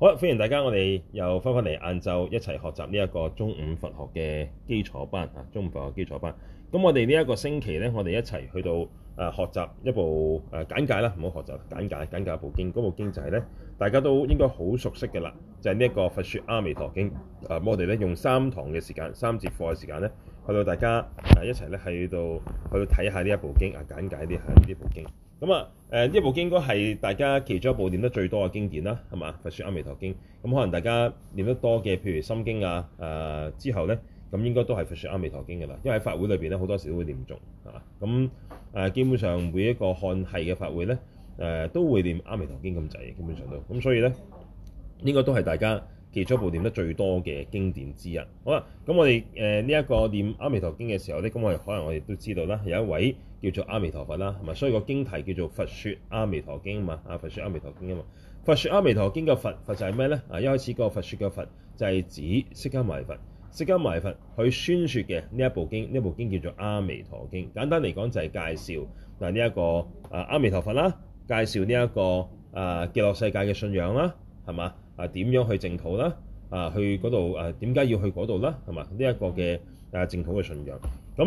好，歡迎大家，我哋又翻返嚟晏晝一齊學習呢一個中午佛學嘅基礎班啊，中午佛學基礎班。咁我哋呢一個星期呢，我哋一齊去到誒、呃、學習一部誒、呃、簡介啦，唔好學習簡介，簡介一部經，嗰部經就係、是、呢，大家都應該好熟悉嘅啦，就係呢一個佛說阿彌陀經。誒、呃，我哋咧用三堂嘅時間，三節課嘅時間呢，去到大家誒、呃、一齊呢，去到去睇下呢一部經啊，簡介啲下呢部經。咁啊，誒呢部經應該係大家其中一部念得最多嘅經典啦，係嘛？《佛説阿彌陀經》，咁可能大家念得多嘅，譬如《心經》啊、呃，誒之後咧，咁應該都係《佛説阿彌陀經》㗎啦。因為喺法會裏邊咧，好多時候都會念誦，係嘛？咁誒基本上每一個漢系嘅法會咧，誒、呃、都會念阿彌陀經咁滯，基本上都，咁所以咧應該都係大家，其中一部念得最多嘅經典之一，好啦，咁我哋誒呢一個念阿彌陀經嘅時候咧，咁我哋可能我哋都知道啦，有一位叫做阿彌陀佛啦，係嘛，所以個經題叫做佛、啊《佛說阿彌陀經》啊嘛，《阿彌陀經》啊嘛，《佛說阿彌陀經》嘅佛，佛就係咩咧？啊，一開始嗰個佛説嘅佛就係指釋迦牟尼佛，釋迦牟尼佛佢宣説嘅呢一部經，呢一部經叫做《阿彌陀經》，簡單嚟講就係介紹嗱呢一個啊阿彌陀佛啦，介紹呢、這、一個啊極樂世界嘅信仰啦，係嘛？啊，點樣去淨土啦？啊，去嗰度啊，點解要去嗰度啦？係嘛？呢、這、一個嘅啊，淨土嘅信仰。咁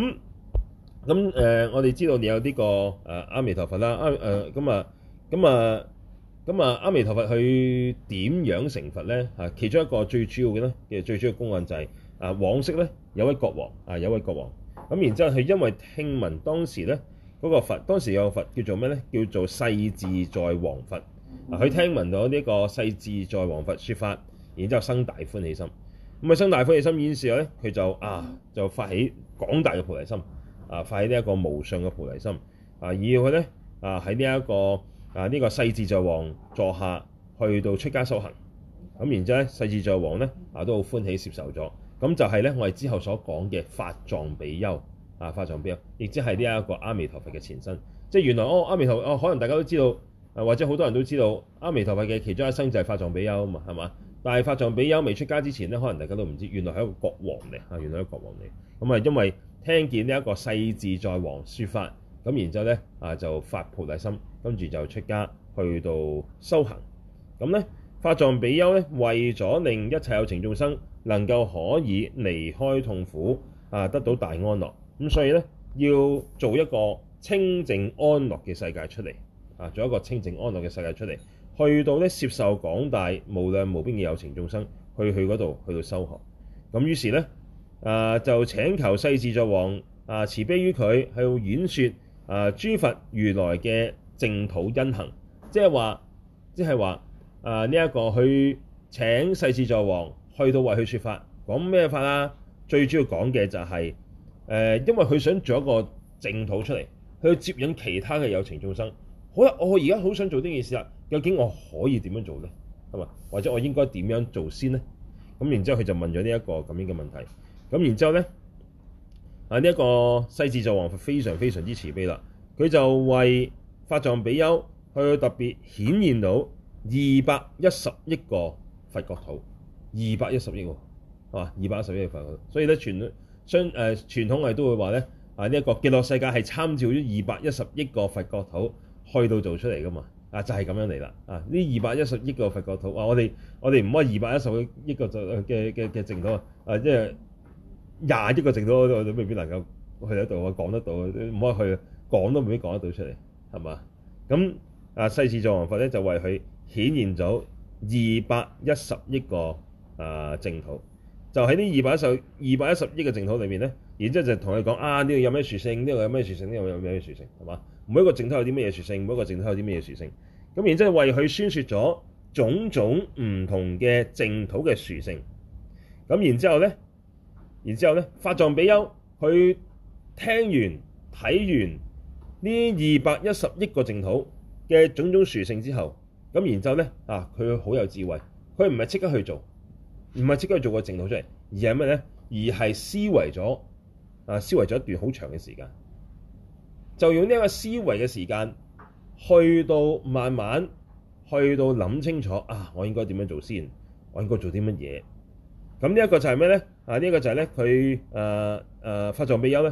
咁誒，我哋知道你有呢個阿陀佛啊，阿、啊、彌、啊啊啊啊啊啊啊、陀佛啦，阿誒咁啊，咁啊，咁啊，阿彌陀佛佢點樣成佛咧？啊，其中一個最主要嘅咧，嘅最主要嘅公案就係、是、啊，往昔咧有位國王啊，有位國王咁，然之後佢因為聽聞當時咧嗰、那個佛，當時有個佛叫做咩咧？叫做世自在王佛。佢、啊、聽聞到呢個世智在王佛說法，然之後生大歡喜心。咁啊，生大歡喜心顯示咧，佢就啊，就發起廣大嘅菩提心，啊，發起呢一個無上嘅菩提心，啊，而佢咧啊喺呢一個啊呢、這個世自在王座下去到出家修行。咁、啊、然之後咧，世自在王咧啊都好歡喜接受咗。咁就係咧，我哋之後所講嘅法藏比丘啊，法藏比丘亦即係呢一個阿彌陀佛嘅前身。即係原來哦，阿彌陀佛哦，可能大家都知道。啊，或者好多人都知道阿彌陀佛嘅其中一生就係法藏比丘啊嘛，係嘛？但係法藏比丘未出家之前咧，可能大家都唔知道，原來係一個國王嚟啊！原來係一個國王嚟咁啊，因為聽見呢一個世自在王說法，咁然之後咧啊，就發菩提心，跟住就出家去到修行。咁咧，法藏比丘咧，為咗令一切有情眾生能夠可以離開痛苦啊，得到大安樂，咁所以咧要做一個清淨安樂嘅世界出嚟。啊，做一個清淨安樂嘅世界出嚟，去到咧，接受廣大無量無邊嘅有情眾生去去嗰度去到修學。咁於是咧，啊、呃、就請求世自在王啊、呃、慈悲於佢去演説啊、呃，諸佛如來嘅淨土因行，即係話即係話啊，呢一個去請世自在王去到為佢去説法，講咩法啊？最主要講嘅就係誒，因為佢想做一個淨土出嚟，去接引其他嘅有情眾生。好啦，我而家好想做呢件事啊。究竟我可以點樣做咧？係咪，或者我應該點樣做先咧？咁然之後，佢就問咗呢一個咁樣嘅問題。咁然之後咧，啊呢一個世自在王非常非常之慈悲啦。佢就為法藏比丘去特別顯現到二百一十億個佛國土，二百一十億喎啊，二百一十億個佛國土。所以咧，傳統相誒傳統係都會話咧，啊呢一個極樂世界係參照咗二百一十億個佛國土。去到做出嚟噶嘛，就是來啊啊？啊，就係咁樣嚟啦！啊，呢二百一十億個佛國土，哇！我哋我哋唔可以二百一十億個嘅嘅嘅淨土啊！啊，即係廿億個淨土我都未必能夠去得到啊，講得到啊，都唔可以去啊。講都未必講得到出嚟，係嘛？咁啊，世自在王佛咧就為佢顯現咗二百一十億個啊淨土，就喺呢二百一十二百一十億嘅淨土裏面咧。然之後就同佢講啊！呢個有咩屬性？呢個有咩屬性？呢個有咩屬性？係嘛？每一個淨土有啲咩嘢屬性？每一個淨土有啲咩嘢屬性？咁然之後為佢宣説咗種種唔同嘅淨土嘅屬性。咁然之後咧，然之後咧，法藏比丘去聽完睇完呢二百一十億個淨土嘅種種屬性之後，咁然之後咧啊，佢好有智慧，佢唔係即刻去做，唔係即刻去做個淨土出嚟，而係咩咧？而係思維咗。啊，思維咗一段好長嘅時間，就用呢一個思維嘅時間去到慢慢去到諗清楚啊，我應該點樣做先？我應該做啲乜嘢？咁呢一個就係咩咧？啊，呢一個就係咧，佢誒誒，法藏比丘咧，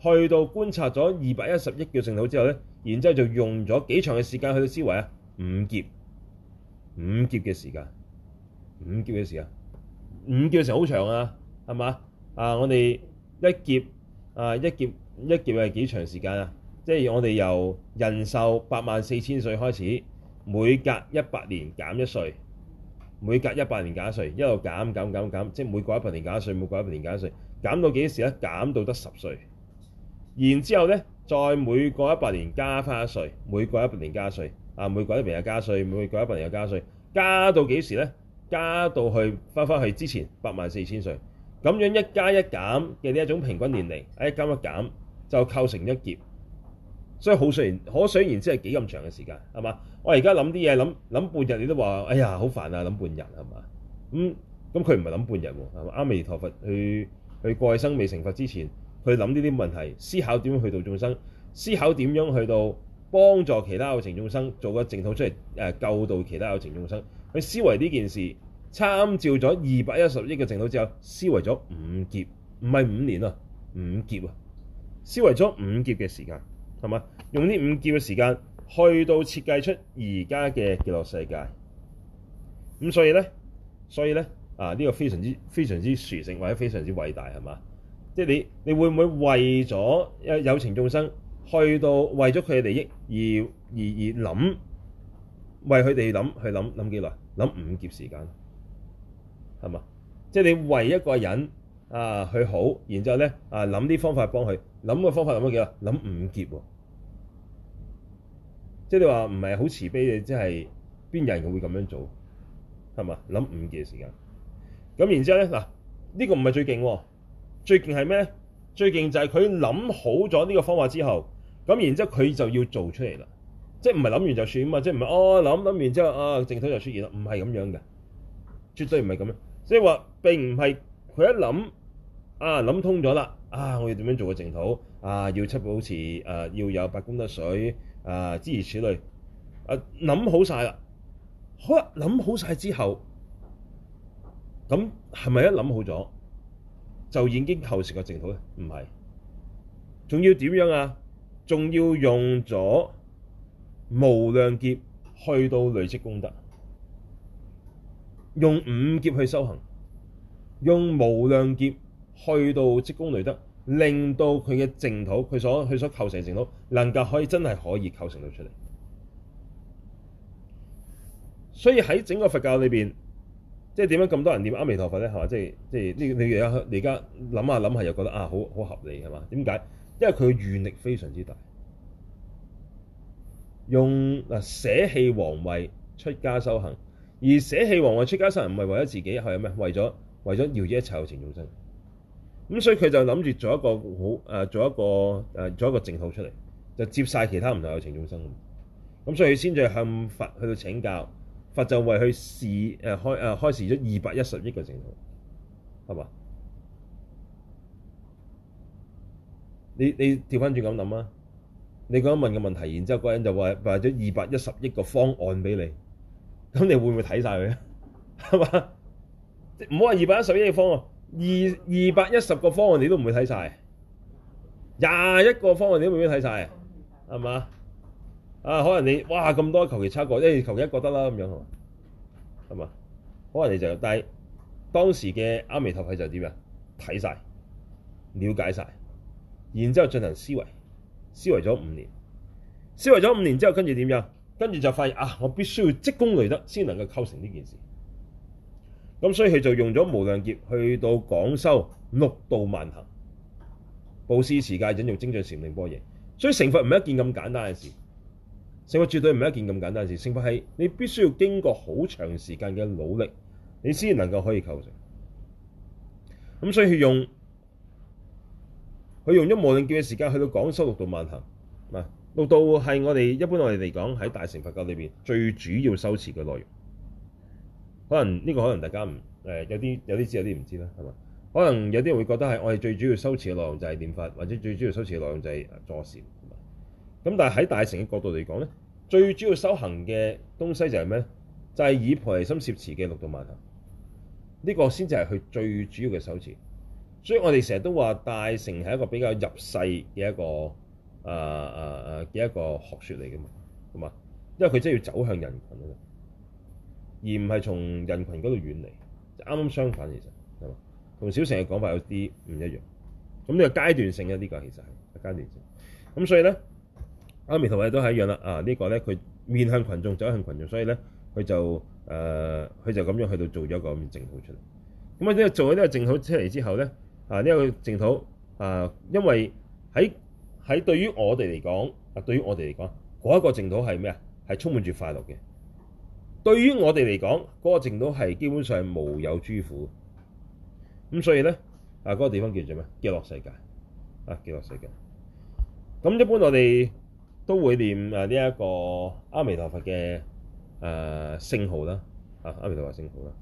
去到觀察咗二百一十億個聖土之後咧，然之後就用咗幾長嘅時間去思維啊，五劫五劫嘅時間，五劫嘅時間，五劫嘅時間好長啊，係嘛啊？我哋。一劫啊！一劫一劫係幾長時間啊？即係我哋由人壽八萬四千歲開始，每隔一百年減一歲，每隔一百年減一歲，一路減減減減，即係每過一百年減一歲，每過一百年減一歲，減到幾時咧？減到得十歲。然之後咧，再每過一百年加翻一歲，每過一百年加歲，啊，每過一百年又加歲，每過一百年又加歲，加到幾時咧？加到去翻翻去之前八萬四千歲。咁樣一加一減嘅呢一種平均年齡，一加一減就構成一劫，所以好雖然可想然之係幾咁長嘅時間，係嘛？我而家諗啲嘢諗諗半日，你都話哎呀，好煩啊，諗半日，係嘛？咁咁佢唔係諗半日喎，係嘛？阿彌陀佛去去過生未成佛之前，去諗呢啲問題，思考點樣去到眾生，思考點樣去到幫助其他有情眾生，做個淨土出嚟救到其他有情眾生，去思維呢件事。參照咗二百一十億嘅淨土之後，思維咗五劫，唔係五年啊，五劫啊，思維咗五劫嘅時間係嘛？用呢五劫嘅時間去到設計出而家嘅極樂世界咁，所以咧，所以咧啊，呢、這個非常之非常之殊勝或者非常之偉大係嘛？即係、就是、你你會唔會為咗有有情眾生去到為咗佢嘅利益而而而諗為佢哋諗去諗諗幾耐？諗五劫時間？係嘛？即係你為一個人啊去好，然之後咧啊諗啲方法幫佢諗個方法諗乜嘢啊？諗五劫喎、哦！即係你話唔係好慈悲嘅，即係邊有人會咁樣做？係嘛？諗五嘅時間。咁然之後咧嗱，呢、這個唔係最勁喎、哦，最勁係咩？最勁就係佢諗好咗呢個方法之後，咁然之後佢就要做出嚟啦。即係唔係諗完就算啊嘛？即係唔係哦，諗諗，完之後啊正、哦、體就出現啦？唔係咁樣嘅，絕對唔係咁樣。即係話並唔係佢一諗啊，諗通咗啦啊，我要點樣做個淨土啊，要七寶池啊，要有八功德水啊，諸如此類啊，諗好晒啦，好，啊，諗好晒之後，咁係咪一諗好咗就已經構成個淨土咧？唔係，仲要點樣啊？仲要用咗無量劫去到累積功德。用五劫去修行，用無量劫去到積功累德，令到佢嘅淨土，佢所佢所構成嘅淨土，能夠可以真係可以構成到出嚟。所以喺整個佛教裏邊，即係點解咁多人念阿彌陀佛咧？係嘛？即係即係呢？就是、你而家而家諗下諗下又覺得啊，好好合理係嘛？點解？因為佢嘅願力非常之大，用嗱捨棄皇位出家修行。而捨棄王位出家僧人唔係為咗自己，係咩？為咗為咗搖一切有情眾生。咁所以佢就諗住做一個好誒，做一個誒，做一個淨土出嚟，就接晒其他唔同有情眾生。咁所以先至向佛去到請教，佛就為佢示誒開誒開示咗二百一十億個淨土，係嘛？你你調翻轉咁諗啊！你剛問嘅問題，然之後嗰人就話，派咗二百一十億個方案俾你。咁你會唔會睇晒佢咧？係嘛？唔好話二百一十一個方案，二二百一十個方案你都唔會睇晒。廿一個方案你都未必睇晒？係嘛？啊，可能你哇咁多求其差一個，誒求其一個得啦，咁樣係嘛？可能你就，但係當時嘅阿彌陀佛就點啊？睇晒，了解晒，然之後進行思維，思維咗五年，思維咗五年之後跟住點樣？跟住就發現啊，我必須要積功累德先能夠構成呢件事。咁所以佢就用咗無量劫去到廣修六度萬行，佈施持戒忍辱精進禪定般若。所以成佛唔係一件咁簡單嘅事，成佛絕對唔係一件咁簡單嘅事。成佛係你必須要經過好長時間嘅努力，你先能夠可以構成。咁所以佢用佢用咗無量劫嘅時間去到廣修六度萬行嗱。六度係我哋一般我哋嚟講，喺大乘佛教裏邊最主要修持嘅內容，可能呢、這個可能大家唔誒有啲有啲知道有啲唔知啦，係嘛？可能有啲人會覺得係我哋最主要修持嘅內容就係念佛，或者最主要修持嘅內容就係坐禪，咁但係喺大乘嘅角度嚟講咧，最主要修行嘅東西就係咩咧？就係、是、以菩提心攝持嘅六度萬行，呢、這個先至係佢最主要嘅修持。所以我哋成日都話大乘係一個比較入世嘅一個。啊啊啊嘅一個學説嚟嘅嘛，同埋因為佢真係要走向人群啊，而唔係從人群嗰度遠離，就啱、係、啱相反其實係嘛，同小乘嘅講法有啲唔一樣。咁呢個階段性咧，呢、呢個其實係階段性。咁所以咧，阿彌同我哋都係一樣啦。啊，呢個、呢個咧佢面向群眾，走向群眾，所以咧佢就誒佢、啊、就咁樣去到做咗一個淨土出嚟。咁啊呢個做咗呢個淨土出嚟之後咧，啊呢、呢個淨土啊因為喺喺對於我哋嚟講，啊，對於我哋嚟講，嗰一個淨土係咩啊？係充滿住快樂嘅。對於我哋嚟講，嗰個淨土係、那個、基本上無有諸苦。咁所以咧，啊，嗰個地方叫做咩？極樂世界。啊，極樂世界。咁一般我哋都會念啊呢一個阿彌陀佛嘅誒聖號啦。啊，阿彌陀佛聖號啦。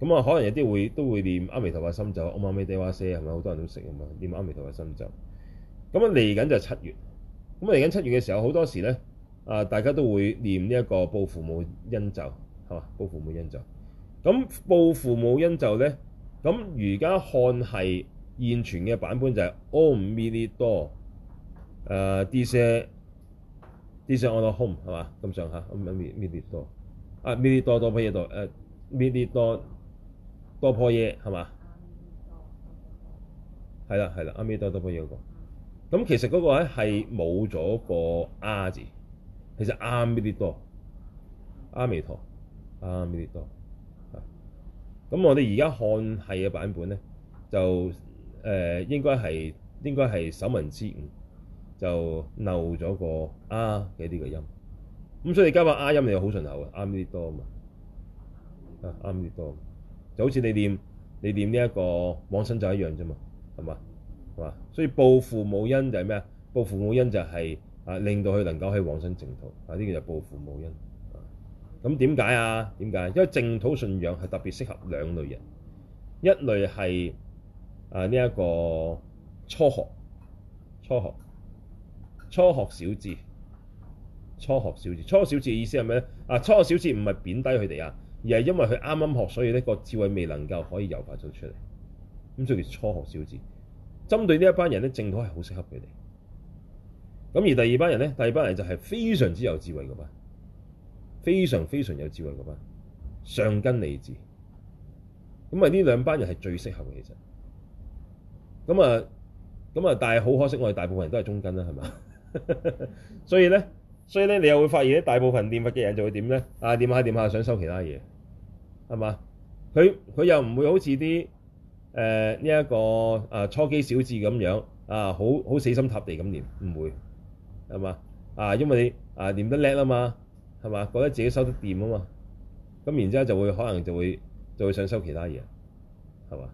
咁啊，可能有啲會都會念阿彌陀佛的心咒，唵嘛咪喋哇舍，係咪好多人都識咁啊？唸阿彌陀佛的心咒。咁嚟緊就七月，咁嚟緊七月嘅時候，好多時咧啊，大家都會念呢一個報父母恩咒，係嘛？報父母恩咒，咁報父母恩咒咧，咁而家看係現存嘅版本就係 Om 密栗多，誒，dish dish on hom 係嘛？咁上下咁密栗多，阿密栗多多破耶、啊、多密栗多多破嘢，係、啊、嘛？係啦係啦，阿密栗多多破嘢嗰咁其實嗰個咧係冇咗個阿字，其實啱呢啲多，阿彌陀，啱呢啲多。咁我哋而家漢系嘅版本咧，就誒、呃、應該係應該係手民之誤，就漏咗個阿嘅呢個音。咁所以你加個阿音，你好順口，嘅，啱呢啲多啊嘛，啊啱啲多，就好似你念你念呢一個往生咒一樣啫嘛，係嘛？所以報父母恩就係咩啊？報父母恩就係啊，令到佢能夠可以往生淨土啊。呢個就報父母恩，咁點解啊？點解？因為淨土信仰係特別適合兩類人，一類係啊呢一個初學、初學、初學小智、初學小智、初學小智嘅意思係咩咧？啊，初學小智唔係貶低佢哋啊，而係因為佢啱啱學，所以呢個智慧未能夠可以誘發咗出嚟，咁所以叫初學小智。針對呢一班人咧，正好係好適合佢哋。咁而第二班人咧，第二班人就係非常之有智慧嗰班，非常非常有智慧嗰班，上根利智。咁啊，呢兩班人係最適合嘅其實。咁啊，咁啊，但係好可惜，我哋大部分人都係中根啦，係嘛？ 所以咧，所以咧，你又會發現啲大部分念佛嘅人就會點咧？啊，點下點下，想收其他嘢，係嘛？佢佢又唔會好似啲。誒呢一個誒初機小字咁樣啊，好好、啊、死心塌地咁念，唔會係嘛啊，因為你啊唸得叻啊嘛，係嘛，覺得自己收得掂啊嘛，咁然之後就會可能就會就會想收其他嘢，係嘛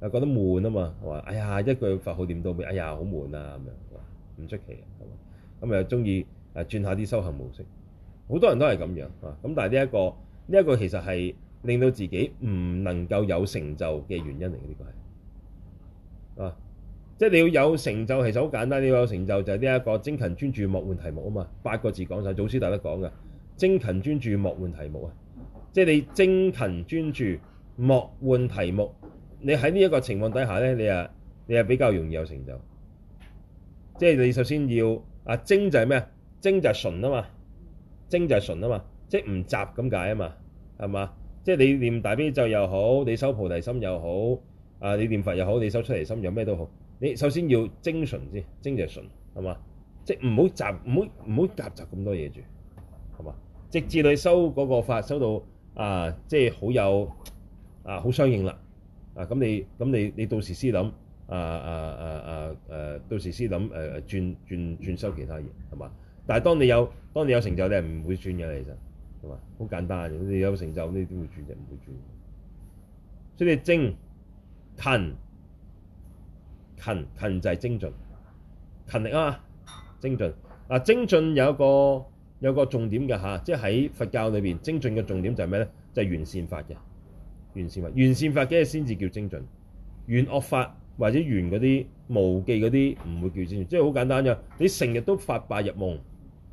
啊，覺得悶啊嘛，係哎呀一句佛號唸到哎呀好悶啊咁樣，唔出奇係嘛，咁、嗯、又中意啊轉下啲修行模式，好多人都係咁樣啊，咁但係呢一個呢一個其實係。令到自己唔能夠有成就嘅原因嚟嘅，呢個係啊，即係你要有成就其實好簡單。你要有成就就係呢一個精勤專注，莫換題目啊嘛。八個字講晒，祖師大家講嘅精勤專注，莫換題目啊。即係你精勤專注，莫換題目。你喺呢一個情況底下咧，你啊你啊比較容易有成就。即係你首先要啊精就係咩啊？精就係純啊嘛，精就係純啊嘛，即係唔雜咁解啊嘛，係嘛？即係你念大悲咒又好，你修菩提心又好，啊你念佛又好，你修出離心有咩都好。你首先要精純先，精就純，係嘛？即係唔好集，唔好唔好夾雜咁多嘢住，係嘛？直至你修嗰個法修到啊，即係好有啊，好相應啦。啊咁你咁你你到時先諗啊啊啊啊誒，到時先諗誒誒轉轉轉修其他嘢係嘛？但係當你有當你有成就，你係唔會轉嘅其實。好簡單，你有成就，你點會轉啫？唔會轉。所以你精勤勤勤就係精進勤力啊嘛！精進啊，精進有一個有一個重點嘅吓，即係喺佛教裏邊，精進嘅重點就係咩咧？就係、是、完善法嘅完善法，完善法嘅先至叫精進，完惡法或者完嗰啲無記嗰啲唔會叫精進，即係好簡單啫。你成日都發白日夢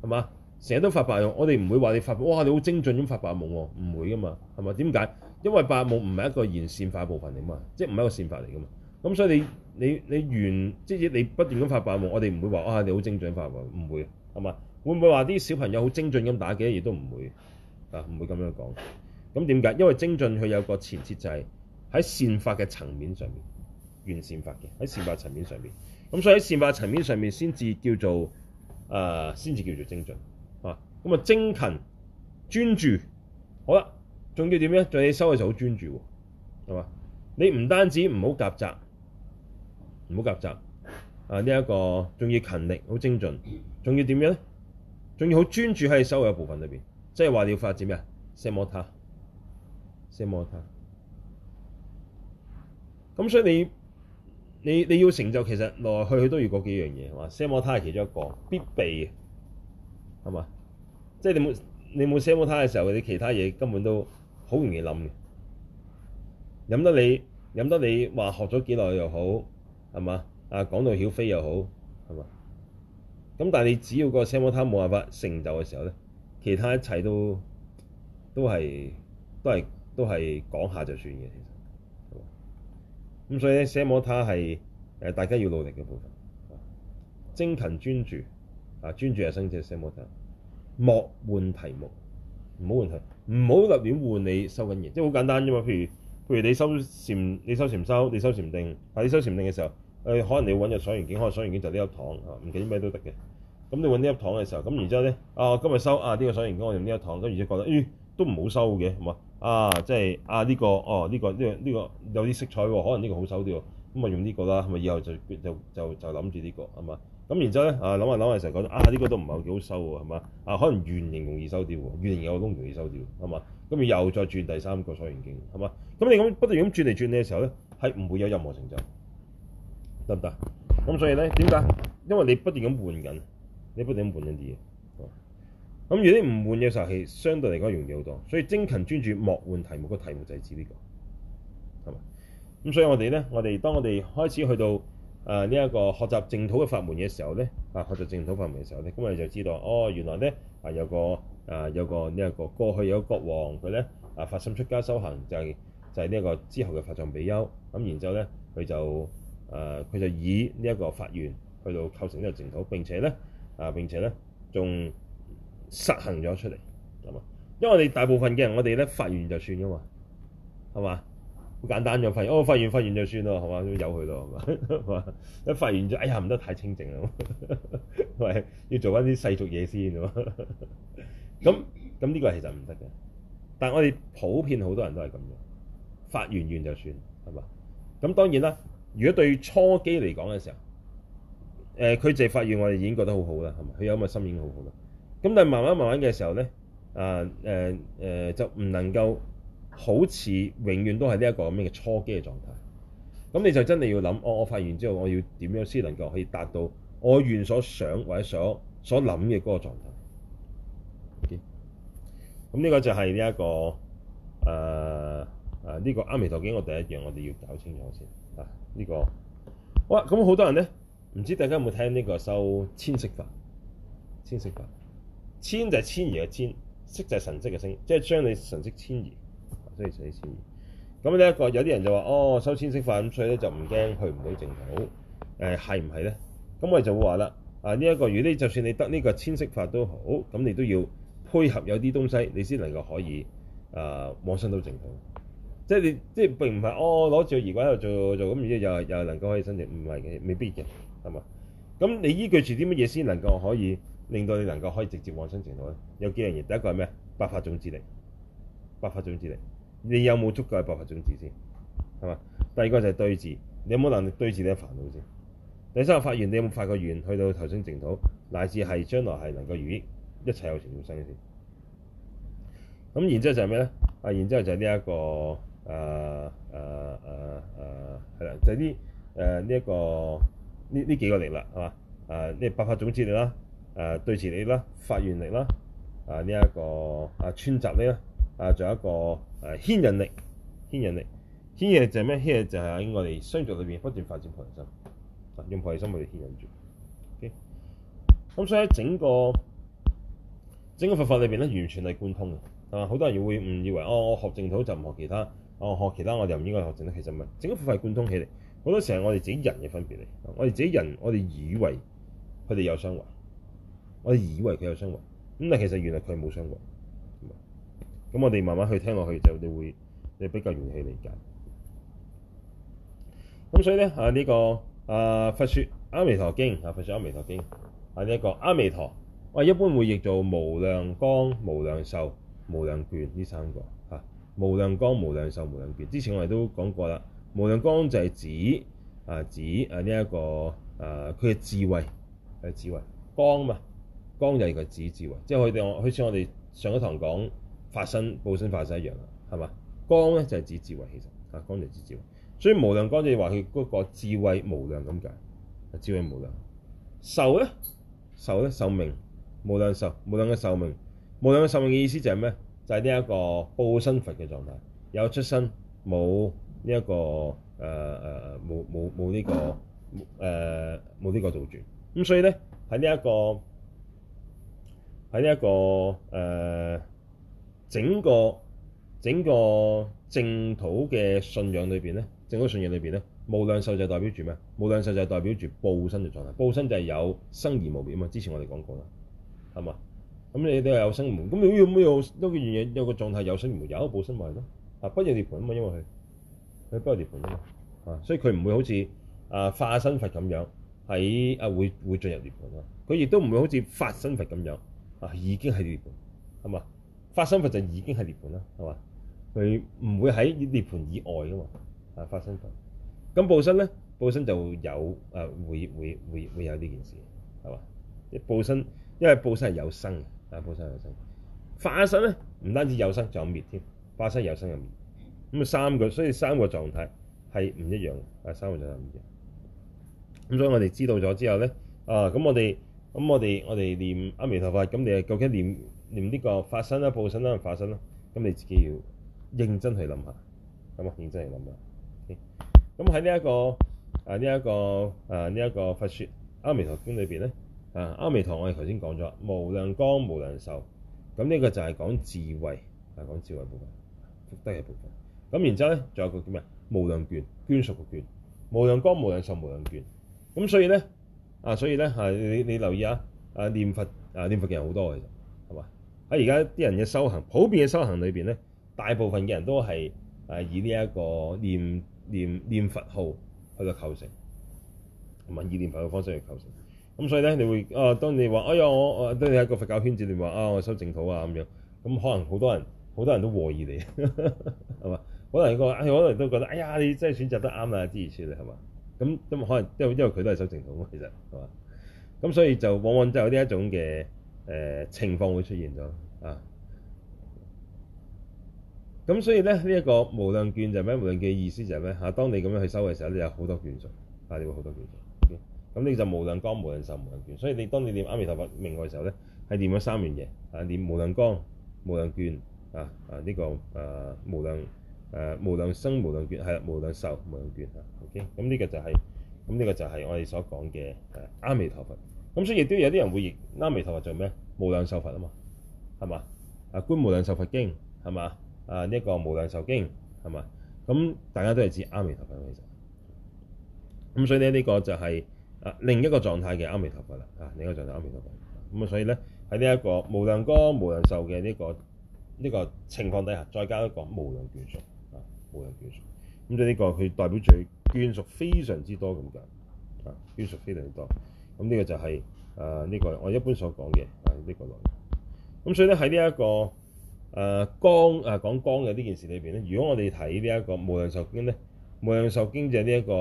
係嘛？成日都發白夢，我哋唔會話你發夢哇，你好精進咁發白夢喎，唔會噶嘛，係咪？點解？因為白夢唔係一個完善法部分嚟嘛，即係唔係一個善法嚟噶嘛。咁所以你你你完即係你不斷咁發白夢，我哋唔會話哇你好精進發白夢，唔會係嘛？會唔會話啲小朋友好精進咁打幾多嘢都唔會啊？唔會咁樣講。咁點解？因為精進佢有個前設就係喺善法嘅層面上面完善法嘅喺善法層面上面。咁所以喺善法層面上面先至叫做誒，先、呃、至叫做精進。咁啊，精勤專注，好啦，仲要點樣？在你收嘅時候好專注，係嘛？你唔單止唔好夾雜，唔好夾雜啊！呢一個仲要勤力，好精進，仲要點樣？仲要好專注喺你收嘅部分裏面，即係話你要發展咩？奢摩他，奢摩他。咁所以你你你要成就，其實來來去去都要嗰幾樣嘢，係嘛？奢摩他係其中一個必備嘅，係嘛？即係你冇你冇寫 m o d e 嘅時候，你其他嘢根本都好容易冧嘅。飲得你飲得你話學咗幾耐又好，係嘛？啊，講到曉飛又好，係嘛？咁但係你只要個寫 m o d e 冇辦法成就嘅時候咧，其他一切都都係都係都係講下就算嘅。其實，咁所以咧寫 model 係大家要努力嘅部分，精勤專注啊，專注係升至寫 m o d e 莫換題目，唔好換題，唔好立亂換你收緊嘢，即係好簡單啫嘛。譬如譬如你收禪，你收禪唔收，你收禪定，但你收禪定嘅時候，誒、呃、可能你揾隻賞完景，可能賞完景就呢粒糖啊，唔記得咩都得嘅。咁你揾呢粒糖嘅時候，咁然之後咧，啊今日收啊呢、呢個賞完景，我用呢粒糖，咁然之後覺得咦、哎、都唔好收嘅，係嘛？啊即係啊呢、呢個哦呢、啊呢個呢呢、呢個、呢個、有啲色彩喎，可能呢個好收啲，咁、這、啊、個、用呢個啦，咪以後就就就就諗住呢個係嘛？咁然之後咧，啊諗下諗下成日講，啊呢個都唔係幾好收喎，係嘛？啊可能圓形容易收掉喎，圓形又都容易收掉，係嘛？咁咪又再轉第三個財源經，係嘛？咁你咁不斷咁轉嚟轉去嘅時候咧，係唔會有任何成就，得唔得？咁所以咧，點解？因為你不斷咁換緊，你不斷咁換緊啲嘢。咁如果你唔換嘅時候係相對嚟講容易好多，所以精勤專注莫換題目，個題目就係指呢個，係嘛？咁所以我哋咧，我哋當我哋開始去到。啊！呢、這、一個學習淨土嘅法門嘅時候咧，啊，學習淨土法門嘅時候咧，咁我哋就知道，哦，原來咧啊，有個啊、這個，有個呢一個過去有個國王佢咧啊，發心出家修行就係、是、就係呢一個、就是這個、之後嘅法藏比丘，咁、啊、然之後咧佢就啊佢就以呢一個法源去到構成呢個淨土，並且咧啊並且咧仲實行咗出嚟咁啊，因為我哋大部分嘅人，我哋咧法緣就算噶嘛，係嘛？好簡單嘅發願，哦，發願發願就算咯，有啊，佢咯，係嘛？一發完咗，哎呀，唔得太清淨啦，係 要做翻啲世俗嘢先，咁咁呢個其實唔得嘅。但係我哋普遍好多人都係咁樣，發完願就算係嘛。咁當然啦，如果對初機嚟講嘅時候，誒、呃，佢淨係發願，我哋已經覺得好好啦，係咪？佢有咁嘅心已經好好啦。咁但係慢慢慢慢嘅時候咧，誒、呃、誒、呃呃，就唔能夠。好似永遠都係呢一個咁樣嘅初機嘅狀態。咁你就真係要諗，哦，我發現之後，我要點樣先能夠可以達到我願所想或者所所諗嘅嗰個狀態？OK，咁呢個就係呢一個誒誒呢個阿彌陀經。我第一樣我哋要搞清楚先啊。呢、呢個哇，咁好多人咧，唔知大家有冇聽呢個修遷識法？遷識法，遷就係遷移嘅遷，識就係神識嘅識，即係將你神識遷移。所以使錢咁呢一個有啲人就話：哦，收遷識法咁，所以咧就唔驚去唔到淨土誒，係唔係咧？咁我哋就會話啦。啊，呢、這、一個，如果你就算你得呢個遷識法都好，咁你都要配合有啲東西，你先能夠可以啊，往、呃、生到淨土。即係你即係並唔係哦，攞住二個喺度做做咁，然之後又又能夠可以增值，唔係嘅，未必嘅，係嘛？咁你依據住啲乜嘢先能夠可以令到你能夠可以直接往生淨土咧？有幾樣嘢，第一個係咩？百法種之力，百法種之力。你有冇足夠嘅百法種子先，係嘛？第二個就係對治，你有冇能力對治你嘅煩惱先？第三個發願，你有冇發個願去到頭先淨土，乃至係將來係能夠如願一切有情眾生先？咁然之後就係咩咧？啊，然之後就係呢一個啦，就係呢誒呢一個呢呢幾個力量係嘛？誒呢百法種子力啦，誒對治力啦，發願力啦，啊呢一個啊串習力啦。啊，仲有一個誒牽引力，牽引力，牽引力就係咩？牽引力就係喺我哋相續裏邊不斷發展菩提心，不斷菩提心，去哋牽引住。咁、okay? 所以喺整個整個佛法裏邊咧，完全係貫通嘅，係嘛？好多人都會誤以為哦，我學淨土就唔學其他，哦我學其他我就唔應該學淨土。其實唔係，整個佛法係貫通起嚟。好多時候我哋自己人嘅分別嚟。我哋自己人，我哋以為佢哋有相違，我哋以為佢有相違，咁但其實原來佢冇相違。咁我哋慢慢去聽落去就你會你比較容易理解。咁所以咧啊呢、這個啊，佛說，啊佛說阿彌陀經啊佛說阿彌陀經啊呢一個阿彌陀，啊、啊、一般會譯做無量光、無量壽、無量卷呢三個吓、啊。無量光、無量壽、無量卷。之前我哋都講過啦，無量光就係指啊指啊呢一、這個啊佢嘅智慧係、啊、智慧光嘛，光就係個指智慧，即係佢哋好似我哋上一堂講。化身，報身化身一樣啦，係嘛？光咧就係、是、指智慧其實，啊光就指智慧，所以無量光即係話佢嗰個智慧無量咁解，啊智慧無量。壽咧壽咧，壽命無量壽，無量嘅壽命，無量嘅壽命嘅意思就係咩？就係呢一個報身佛嘅狀態，有出生冇呢一個誒誒冇冇冇呢個誒冇呢個造轉咁，所以咧喺呢一、這個喺呢一個誒。呃整個整個淨土嘅信仰裏邊咧，淨土信仰裏邊咧，無量壽就代表住咩啊？無量壽就代表住報身嘅狀態，報身就係有生而無滅啊嘛。之前我哋講過啦，係嘛？咁你你有生無滅，咁你要咩有呢個嘢？有個狀態有生而無滅，有報身咪咯。啊，不入涅槃啊嘛，因為佢佢不入涅槃啊嘛。啊，所以佢唔會好似啊化身佛咁樣喺啊會會進入涅槃啊。佢亦都唔會好似法身佛咁樣啊已經係涅槃係嘛？是發生佛就已經係涅盤啦，係嘛？佢唔會喺涅盤以外噶嘛。啊，發生佛。咁報身咧，報身就有啊、呃，會會會會有呢件事，係嘛？啲報身，因為報身係有生嘅，啊，報身有生。化身咧，唔單止有生，仲有滅添。化身有生有滅。咁三個，所以三個狀態係唔一樣，唔一樣嘅。啊，三個狀態唔一樣。咁所以我哋知道咗之後咧，啊，咁我哋，咁我哋，我哋念阿彌陀佛，咁你係究竟念？念呢、這個法生啦、報身啦、化身啦，咁你自己要認真去諗下，咁啊認真去諗下。咁喺呢一個啊呢一個啊呢一個佛説阿彌陀經裏邊咧，啊、這個啊這個、阿彌陀、啊、陀我哋頭先講咗，無量光無量壽，咁呢個就係講智慧，係講智慧部分，福德嘅部分。咁然之後咧，仲有個叫咩？無量眷眷屬嘅眷，無量光無量壽無量眷，咁所以咧啊，所以咧啊，你你留意下啊，念佛啊念佛嘅人好多嘅。啊！而家啲人嘅修行，普遍嘅修行裏邊咧，大部分嘅人都係誒以呢一個念念念佛號去到求成，同埋以念佛嘅方式去求成。咁所以咧，你會誒、哦？當你話哎呀，我誒當你喺個佛教圈子，你話啊、哦，我修淨土啊咁樣，咁可能好多人好多人都和意你係嘛？可能你講，可能都覺得哎呀，你真係選擇得啱啊！之類之類係嘛？咁咁可能因為因為佢都係修淨土啊，其實係嘛？咁所以就往往就有呢一種嘅。誒、呃、情況會出現咗啊！咁所以咧，呢、這、一個無量眷就係咩？無量眷嘅意思就係咩？當你咁樣去收嘅時候，你有好多眷屬、啊，你嚟好多眷屬。O.K.，啊、咁你就無量光、無量壽、無量眷。所以你當你念阿彌陀佛名號嘅時候咧，係念咗三樣嘢啊！念無量光、無量眷啊啊！呢、啊這個啊無量誒、啊、無量生、無量眷係啦，無量壽、無量眷啊。O.K.，咁呢個就係咁呢個就係我哋所講嘅誒阿彌陀佛。咁所以亦都有啲人會認，阿彌陀佛做咩？無量壽佛啊嘛，係嘛啊？觀無量壽佛經係嘛啊？呢、這、一個無量壽經係嘛？咁、嗯、大家都係知阿彌陀佛嘅啫。咁所以咧，呢、這個就係啊另一個狀態嘅阿彌陀佛啦。啊，另一個狀態阿彌陀佛。咁啊，啊，所以咧喺呢一個無量光、無量壽嘅呢、這個呢、這個情況底下，再加一個無量眷屬啊，無量眷屬。咁所以呢個佢代表住眷屬非常之多咁嘅啊，眷屬非常之多。咁、這、呢個就係誒呢個我一般所講嘅，係、這、呢個內容。咁所以咧喺呢一、這個誒、呃、光誒講、啊、光嘅呢件事裏邊咧，如果我哋睇呢一個無量受經咧，無量壽經就係呢一、就是這個誒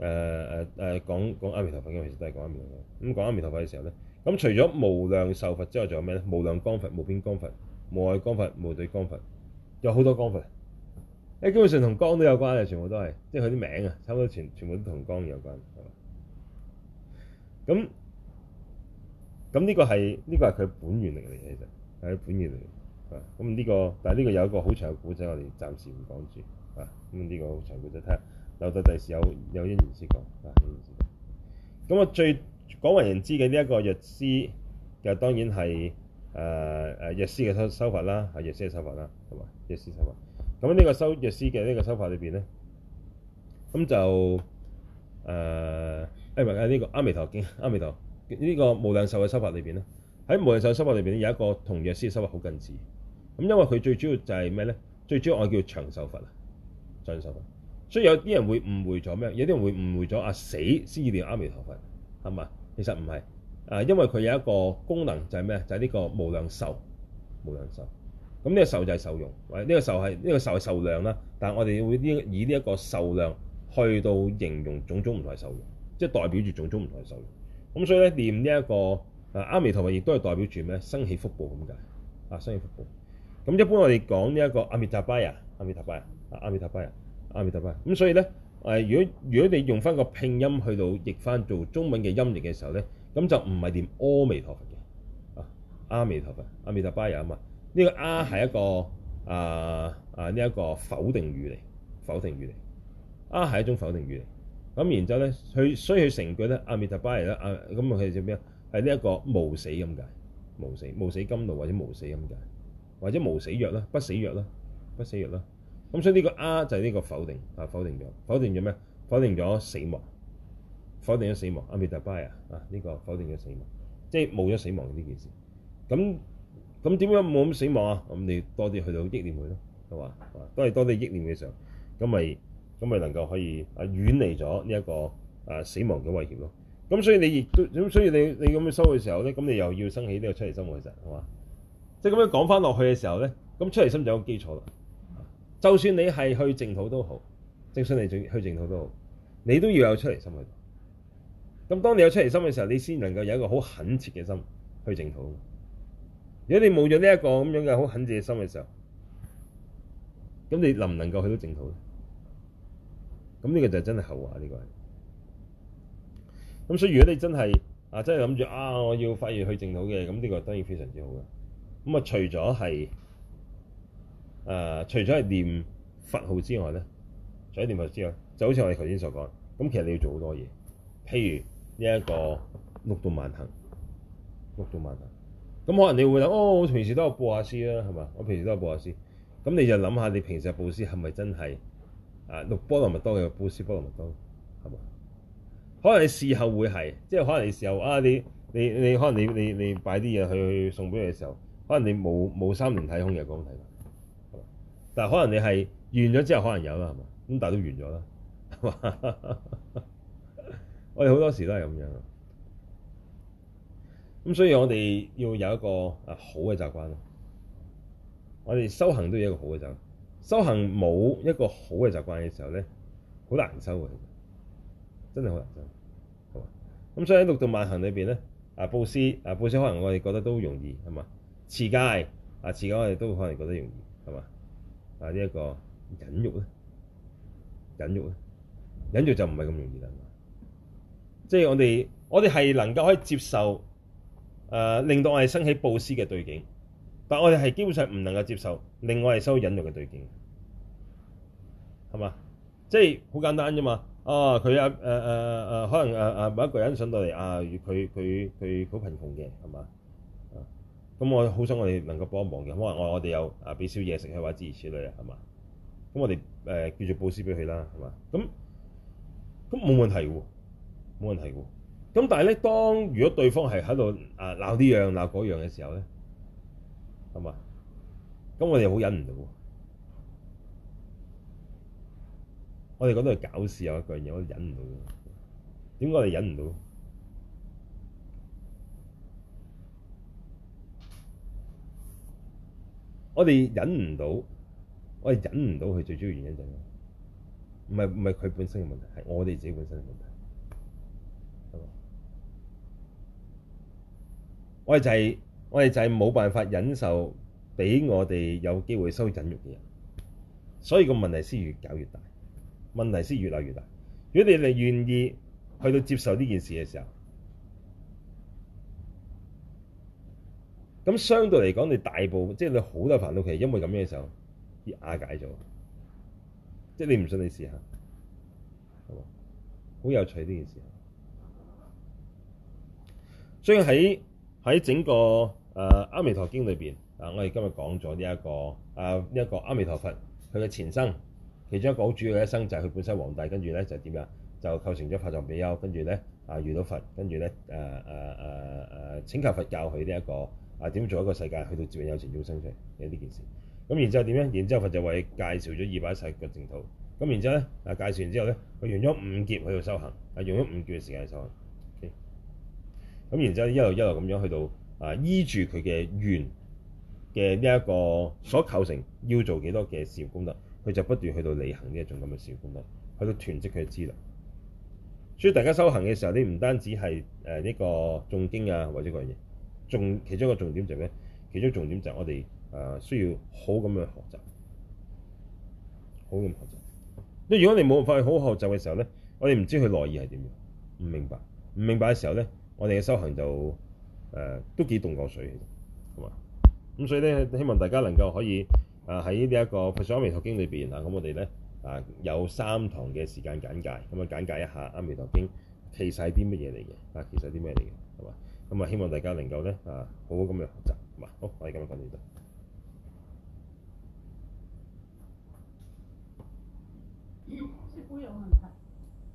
誒誒講講阿彌陀佛嘅，其實都係講阿彌陀佛。咁講阿彌陀佛嘅時候咧，咁除咗無量壽佛之外，仲有咩咧？無量光佛、無邊光佛、無礙光佛、無對光佛，有好多光佛。誒基本上同光都有關嘅，全部都係，即係佢啲名啊，差唔多全全部都同光有關。咁咁呢個係呢個係佢本源嚟嘅其實係本源嚟嘅。啊，咁呢個但係呢個有一個好長嘅古仔，我哋暫時唔講住。啊，咁呢個好長古仔，睇下留到第時有有因緣先講。啊，有因緣先講。咁啊，最廣為人知嘅呢一個藥師就當然係誒誒藥師嘅修修法啦，係藥師嘅修法啦，係嘛？藥師修法。咁呢個修藥師嘅呢個修法裏邊咧，咁就誒。呃誒、哎、呢、這個阿彌陀經，阿彌陀呢、這個無量壽嘅修法裏邊咧，喺無量壽修法裏邊咧有一個同藥師嘅修法好近似咁，因為佢最主要就係咩咧？最主要我叫長壽佛啊，長壽佛。所以有啲人會誤會咗咩？有啲人會誤會咗、啊、阿死先至念阿彌陀佛啊嘛。其實唔係啊，因為佢有一個功能就係咩？就係、是、呢個無量壽無量壽。咁、這、呢個壽就係壽用，喂、這個，呢、這個壽係呢個壽係壽量啦。但係我哋會呢以呢一個壽量去到形容種種唔同嘅壽用。即係代表住種種唔同嘅壽命，咁所以咧念呢一個阿彌陀佛，亦都係代表住咩？生起福報咁解，啊生起福報。咁一般我哋講呢一個阿彌達巴呀，阿彌達巴呀，阿彌達巴呀，阿彌達巴。咁所以咧誒、啊，如果如果你用翻個拼音去到譯翻做中文嘅音譯嘅時候咧，咁就唔係念阿彌陀佛嘅、啊，阿彌陀佛，阿彌達巴呀嘛。呢、啊這個阿、啊、係一個啊啊呢一、這個否定語嚟，否定語嚟，阿、啊、係一種否定語嚟。咁然之後咧，佢所以佢成句咧，阿、啊、彌特巴嚟啦，啊咁佢就咩啊？係呢一個無死咁解，無死無死甘露或者無死咁解，或者無死藥啦，不死藥啦，不死藥啦。咁所以呢個啊就係呢個否定啊，否定咗，否定咗咩？否定咗死亡，否定咗死亡。阿彌特巴啊，啊、這、呢個否定咗死亡，即係冇咗死亡呢件事。咁咁點解冇咁死亡啊？咁你多啲去到憶念去咯，係嘛？都係多啲憶念嘅時候，咁咪。咁咪能夠可以啊，遠離咗呢一個死亡嘅威脅咯。咁所以你亦都咁，所以你你咁樣修嘅時候咧，咁你又要生起呢個出離心嘅、就是、時候係嘛？即係咁樣講翻落去嘅時候咧，咁出離心就有個基礎啦。就算你係去淨土都好，即係想你去淨土都好，你都要有出離心去。咁當你有出離心嘅時候，你先能夠有一個好懇切嘅心去淨土。如果你冇咗呢一個咁樣嘅好懇切嘅心嘅時候，咁你能唔能夠去到淨土咧？咁呢個就真係後話呢個。咁所以如果你真係啊真係諗住啊我要發願去淨土嘅，咁呢個當然非常之好啦。咁啊除咗係、呃、除咗係念佛號之外咧，除咗念佛之外，就好似我哋頭先所講，咁其實你要做好多嘢。譬如呢一個六度萬行，六度萬行，咁可能你會諗哦，我平時都有布下施啦，係嘛？我平時都有布下施，咁你就諗下你平時嘅布施係咪真係？啊，六波羅蜜多嘅，布施波羅蜜多，係嘛？可能你事後會係，即係可能你事後啊，你你你可能你你你擺啲嘢去送俾佢嘅時候，可能你冇冇三輪體空嘅睇法，但係可能你係完咗之後可能有啦，係嘛？咁但係都完咗啦，係嘛？ 我哋好多時都係咁樣，咁所以我哋要有一個啊好嘅習慣咯，我哋修行都要一個好嘅習慣。修行冇一個好嘅習慣嘅時候咧，好難修嘅，真係好難修，係嘛？咁所以喺六度萬行裏面咧，啊，布施啊，布施可能我哋覺得都容易，係嘛？持戒啊，持戒，我哋都可能覺得容易係嘛？啊呢一個忍辱咧，忍辱咧，忍辱就唔係咁容易啦。即係我哋我哋係能夠可以接受，呃，令到我哋生起布施嘅對境。但我哋係基本上唔能夠接受，另外係收引露嘅對境，係嘛？即係好簡單啫嘛。啊、哦，佢啊、呃呃、可能誒誒某一個人上到嚟啊，佢佢佢好貧窮嘅，係嘛？咁、啊、我好想我哋能夠幫忙嘅，可能我們有吃那我哋有啊俾少嘢食佢或者諸如此類啊，係、呃、嘛？咁我哋誒叫做布施俾佢啦，係嘛？咁咁冇問題喎，冇問題喎。咁但係咧，當如果對方係喺度啊鬧呢樣鬧嗰樣嘅時候咧，係嘛？咁我哋好忍唔到，我哋覺得係搞事啊！一句嘢我哋忍唔到，點解我哋忍唔到？我哋忍唔到，我哋忍唔到。佢最主要原因就係，唔係唔係佢本身嘅問題，係我哋自己本身嘅問題。我哋就係。我哋就係冇辦法忍受俾我哋有機會收緊肉嘅人，所以個問題先越搞越大，問題先越嚟越大。如果你哋願意去到接受呢件事嘅時候，咁相對嚟講，你大部即係你好多煩惱期，因為咁樣嘅時候，啲瓦解咗，即係你唔信，你試下，好有趣呢件事。所以喺喺整個。誒、啊《阿彌陀經裏面》裏邊，這個，啊，我哋今日講咗呢一個，誒呢一個阿彌陀佛佢嘅前生，其中一個好主要嘅一生就係，是，佢本身皇帝，跟住咧就點，是，樣，就構成咗法藏比丘，跟住咧啊遇到佛，跟住咧誒誒誒誒請求佛教佢呢一個，啊點做一個世界去到自願有情眾生嘅呢件事。咁然之後點咧？然之後，後佛就為佢介紹咗二百一世嘅淨土。咁然之後咧啊介紹完之後咧，佢用咗五劫去到修行，啊用咗五劫嘅時間修行。咁，okay? 然之後一路一路咁樣去到。啊，依住佢嘅願嘅呢一個所構成，要做幾多嘅事業功能，佢就不斷去到履行呢一種咁嘅事業功能，去到團積佢嘅資能。所以大家修行嘅時候，你唔單止係誒呢個重經啊，或者嗰樣嘢，重其中一個重點就咩？其中重點就係我哋誒、呃、需要好咁樣學習，好咁學習。因如果你冇辦法好學習嘅時候咧，我哋唔知佢內意係點樣，唔明白，唔明白嘅時候咧，我哋嘅修行就～誒都幾凍過水，咁啊，咁所以咧，希望大家能夠可以啊喺呢一個《佛說阿彌陀經》裏邊啊，咁我哋咧啊有三堂嘅時間簡介，咁啊簡介一下《阿彌陀經》其實係啲乜嘢嚟嘅啊？其實係啲咩嚟嘅，係嘛？咁啊，希望大家能夠咧啊，好好咁樣學習，好，我哋咁樣講呢度。